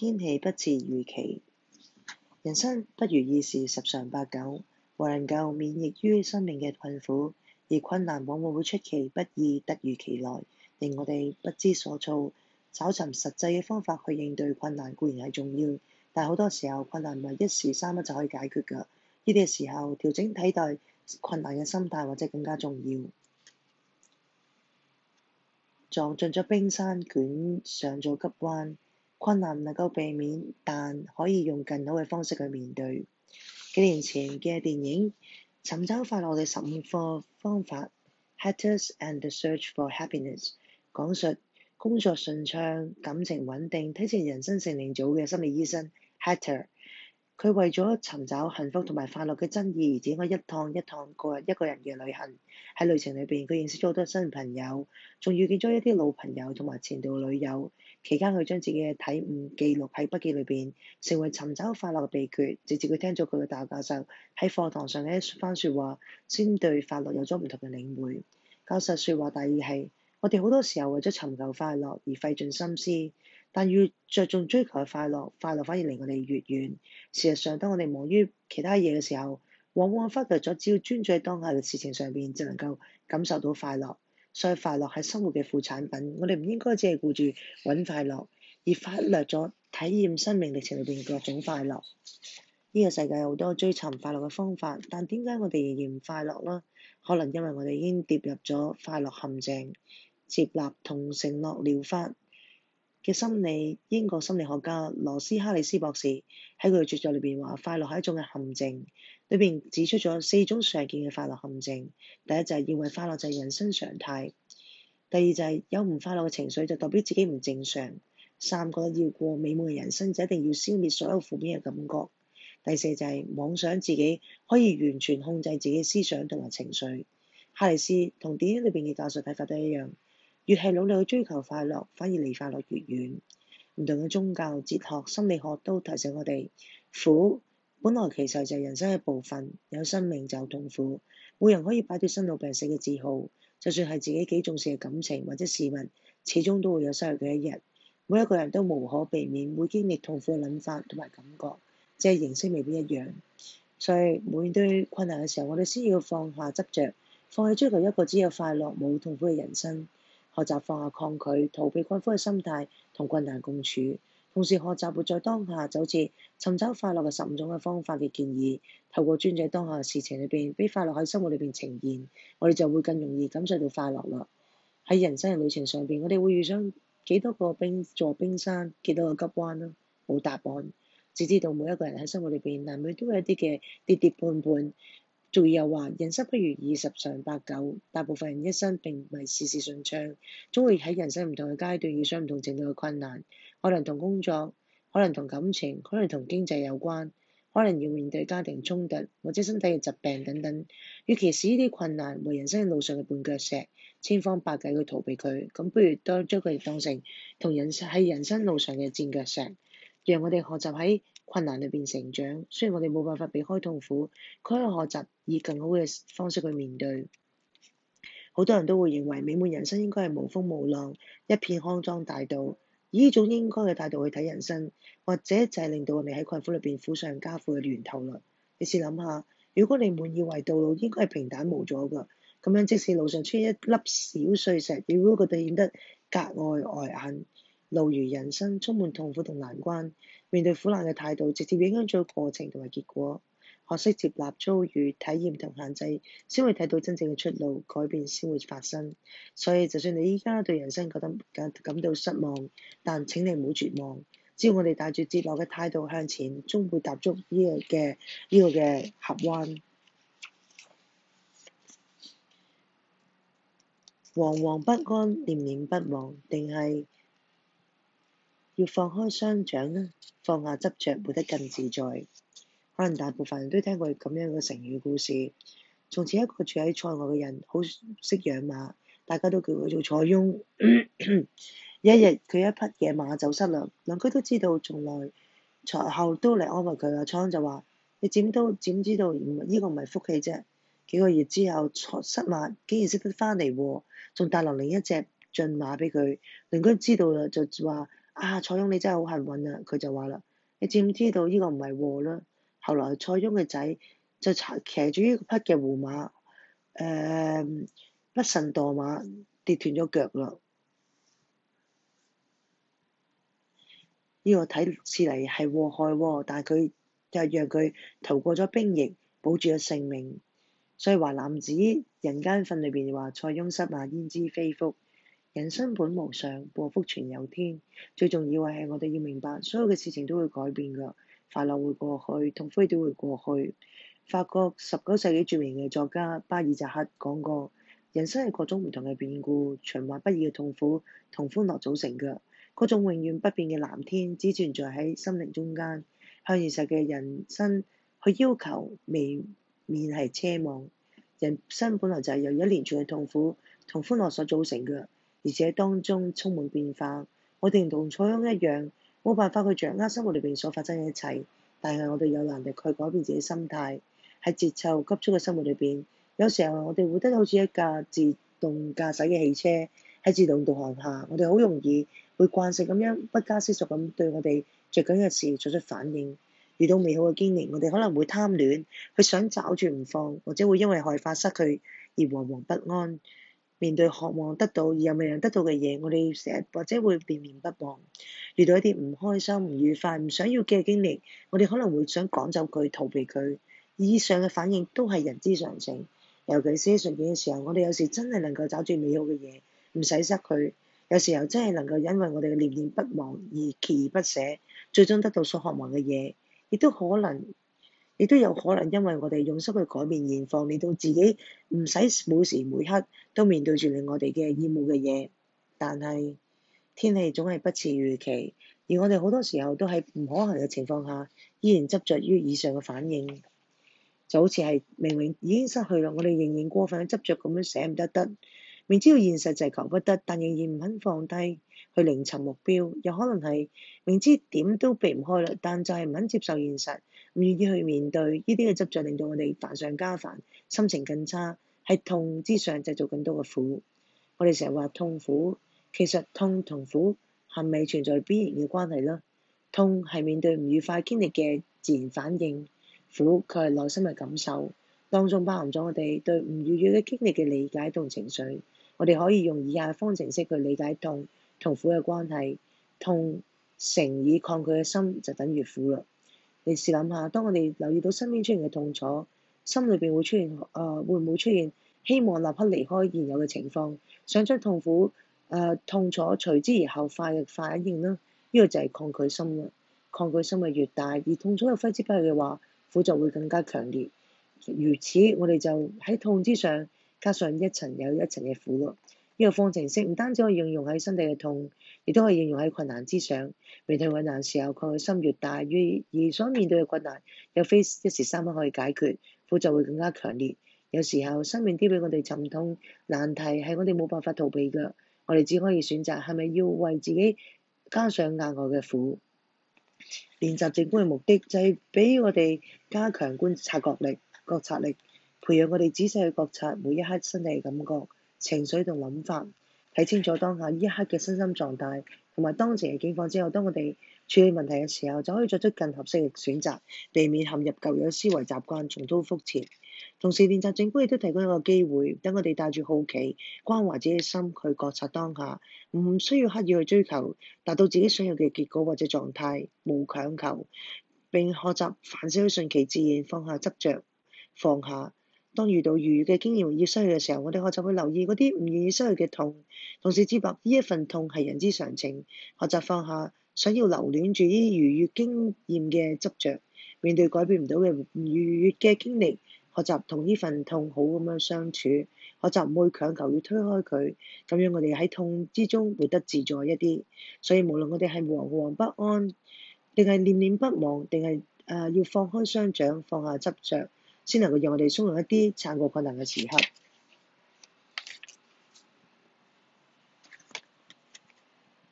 天氣不似預期，人生不如意事十常八九，無人能夠免疫於生命嘅困苦，而困難往往會出其不意，突如其來，令我哋不知所措。找尋實際嘅方法去應對困難固然係重要，但好多時候困難唔係一時三刻就可以解決噶。呢啲嘅時候，調整睇待困難嘅心態，或者更加重要。撞進咗冰山，捲上咗急彎。困難能夠避免，但可以用更好嘅方式去面對。幾年前嘅電影《尋找快樂》嘅十五課方法，《Hector and the Search for Happiness》，講述工作順暢、感情穩定、體現人生成年組嘅心理醫生 Hector，佢為咗尋找幸福同埋快樂嘅真義，而展開一趟一趟個人一個人嘅旅行。喺旅程裏邊，佢認識咗好多新朋友，仲遇見咗一啲老朋友同埋前度女友。期間佢將自己嘅體悟記錄喺筆記裏邊，成為尋找快樂嘅秘訣。直至佢聽咗佢嘅大學教授喺課堂上嘅一番説話，先對快樂有咗唔同嘅領會。教授説話大意係：我哋好多時候為咗尋求快樂而費盡心思，但越着重追求嘅快樂，快樂反而離我哋越遠。事實上，當我哋忙於其他嘢嘅時候，往往忽略咗只要專注喺當下嘅事情上邊，就能夠感受到快樂。所以快樂係生活嘅副產品，我哋唔應該只係顧住揾快樂，而忽略咗體驗生命歷程裏邊各種快樂。呢個世界有好多追尋快樂嘅方法，但點解我哋仍然唔快樂呢？可能因為我哋已經跌入咗快樂陷阱，接納同承諾療法嘅心理，英國心理學家羅斯哈里斯博士喺佢嘅著作裏邊話，快樂係一種嘅陷阱，裏邊指出咗四種常見嘅快樂陷阱。第一就係認為快樂就係人生常態，第二就係、是、有唔快樂嘅情緒就代表自己唔正常，三個要過美滿嘅人生就一定要消滅所有負面嘅感覺，第四就係妄想自己可以完全控制自己嘅思想同埋情緒。哈里斯同電影裏邊嘅教授睇法都一樣。越係努力去追求快樂，反而離快樂越遠。唔同嘅宗教、哲學、心理學都提醒我哋，苦本來其實就係人生嘅部分，有生命就痛苦。冇人可以擺脫生老病死嘅自豪，就算係自己幾重視嘅感情或者事物，始終都會有失去嘅一日。每一個人都無可避免會經歷痛苦嘅諗法同埋感覺，即係形式未必一樣。所以面對困難嘅時候，我哋先要放下執着，放棄追求一個只有快樂冇痛苦嘅人生。學習放下抗拒、逃避、困苦嘅心態，同困難共處；同時學習活在當下，就好似尋找快樂嘅十五種嘅方法嘅建議。透過專注當下嘅事情裏邊，俾快樂喺生活裏邊呈現，我哋就會更容易感受到快樂啦。喺人生嘅旅程上邊，我哋會遇上幾多個冰座冰山，幾多個急彎啦。冇答案，只知道每一個人喺生活裏邊，難免都有一啲嘅跌跌絆絆。仲有話，人生不如意十常八九，大部分人一生並唔係事事順暢，總會喺人生唔同嘅階段遇上唔同程度嘅困難，可能同工作，可能同感情，可能同經濟有關，可能要面對家庭衝突，或者身體嘅疾病等等。與其是呢啲困難為人生路上嘅絆腳石，千方百計去逃避佢，咁不如多將佢哋當成同人喺人生路上嘅墊腳石，讓我哋學習喺困難裏邊成長。雖然我哋冇辦法避開痛苦，佢可以學習。以更好嘅方式去面對，好多人都會認為美滿人生應該係無風無浪，一片康莊大道。以呢種應該嘅態度去睇人生，或者就係令到我哋喺困苦裏邊苦上加苦嘅源頭嚟。你試諗下，如果你滿以為道路應該係平坦無阻嘅，咁樣即使路上出現一粒小碎石，如果佢哋得顯得格外礙眼。路如人生，充滿痛苦同難關，面對苦難嘅態度，直接影響咗過程同埋結果。學識接納遭遇、體驗同限制，先會睇到真正嘅出路，改變先會發生。所以，就算你依家對人生覺得感到失望，但請你唔好絕望。只要我哋帶住接納嘅態度向前，終會踏足呢個嘅呢個嘅峽灣。惶惶不安、念念不忘，定係要放開雙掌呢？放下執着，活得更自在。可能大部分人都聽過咁樣嘅成語故事。從前一個住喺塞外嘅人，好識養馬，大家都叫佢做塞翁。有 一日佢一匹野馬走失啦，鄰居都知道，從來才後來都嚟安慰佢啊。塞翁就話：你點都點知道呢個唔係福氣啫？幾個月之後，塞翁失馬竟然識得翻嚟喎，仲帶落另一隻駿馬俾佢。鄰居知道啦，就話：啊，塞翁你真係好幸運啊！佢就話啦：你點知，知道個呢個唔係禍啦？後來塞翁嘅仔就騎住呢匹嘅胡馬，誒、呃、不慎墮馬跌斷咗腳啦。呢、這個睇似嚟係禍害，但係佢又讓佢逃過咗兵役，保住咗性命。所以話淮南子，人間訓裏邊話塞翁失馬，焉知非福？人生本無常，禍福全有天。最重要係我哋要明白，所有嘅事情都會改變㗎。快樂會過去，同灰都會過去。法國十九世紀著名嘅作家巴爾扎克講過：人生係各種唔同嘅變故、循環不已嘅痛苦同歡樂組成嘅。嗰種永遠不變嘅藍天，只存在喺心靈中間。向現實嘅人生去要求，未免係奢望。人生本來就係由一連串嘅痛苦同歡樂所組成嘅，而且當中充滿變化。我哋同草叢一樣。冇辦法去掌握生活裏邊所發生嘅一切，但係我哋有能力去改變自己心態。喺節奏急促嘅生活裏邊，有時候我哋會得到好似一架自動駕駛嘅汽車喺自動導航下，我哋好容易會慣性咁樣不加思索咁對我哋著緊嘅事作出反應。遇到美好嘅經驗，我哋可能會貪戀，去想抓住唔放，或者會因為害怕失去而惶惶不安。面對渴望得到而又未能得到嘅嘢，我哋成日或者會念念不忘；遇到一啲唔開心、唔愉快、唔想要嘅經歷，我哋可能會想趕走佢、逃避佢。以上嘅反應都係人之常情。尤其喺呢啲順境嘅時候，我哋有時真係能夠找住美好嘅嘢，唔使失佢；有時候真係能夠因為我哋嘅念念不忘而鍥而不捨，最終得到所渴望嘅嘢，亦都可能。亦都有可能，因為我哋用心去改變現況，令到自己唔使每時每刻都面對住令我哋嘅厭惡嘅嘢，但係天氣總係不似預期，而我哋好多時候都喺唔可行嘅情況下，依然執着於以上嘅反應，就好似係明明已經失去啦，我哋仍然過分執着咁樣，捨唔得得。明知道現實就係求不得，但仍然唔肯放低去另尋目標，又可能係明知點都避唔開啦，但就係唔肯接受現實，唔願意去面對呢啲嘅執着，執令到我哋煩上加煩，心情更差，喺痛之上製造更多嘅苦。我哋成日話痛苦，其實痛同苦係咪存在必然嘅關係呢？痛係面對唔愉快經歷嘅自然反應，苦佢係內心嘅感受，當中包含咗我哋對唔愉悦嘅經歷嘅理解同情緒。我哋可以用以下嘅方程式去理解痛同苦嘅關係。痛乘以抗拒嘅心就等於苦啦。你試諗下，當我哋留意到身邊出現嘅痛楚，心裏邊會出現啊、呃，會唔會出現希望立刻離開現有嘅情況，想將痛苦啊、呃、痛楚隨之而後快嘅反應呢呢、這個就係抗拒心啦。抗拒心係越大，而痛楚又揮之不去嘅話，苦就會更加強烈。如此，我哋就喺痛之上。加上一層有一層嘅苦咯。呢個方程式唔單止可以應用喺身體嘅痛，亦都可以應用喺困難之上。面對困難時候，佢心越大於，越而所面對嘅困難又非一時三刻可以解決，苦就會更加強烈。有時候生命啲俾我哋浸痛難題，係我哋冇辦法逃避㗎，我哋只可以選擇係咪要為自己加上額外嘅苦。練習正觀嘅目的就係俾我哋加強觀察覺力、覺察力。培養我哋仔細去覺察每一刻身體嘅感覺情緒同諗法，睇清楚當下呢一刻嘅身心狀態同埋當前嘅境況。之後當我哋處理問題嘅時候，就可以作出更合適嘅選擇，避免陷入舊有思維習慣，重蹈覆轍。同時練習正觀亦都提供一個機會，等我哋帶住好奇、關懷自己嘅心去覺察當下，唔需要刻意去追求達到自己想要嘅結果或者狀態，無強求。並學習凡事都順其自然，放下執着放下。當遇到愉悦嘅經驗要失去嘅時候，我哋學習會留意嗰啲唔願意失去嘅痛，同時知白呢一份痛係人之常情，學習放下，想要留戀住呢愉悦經驗嘅執着，面對改變唔到嘅愉悦嘅經歷，學習同呢份痛好咁樣相處，學習唔會強求要推開佢，咁樣我哋喺痛之中活得自在一啲。所以無論我哋係惶惶不安，定係念念不忘，定係誒要放開雙掌，放下執着，先能夠讓我哋從容一啲撐過困難嘅時刻。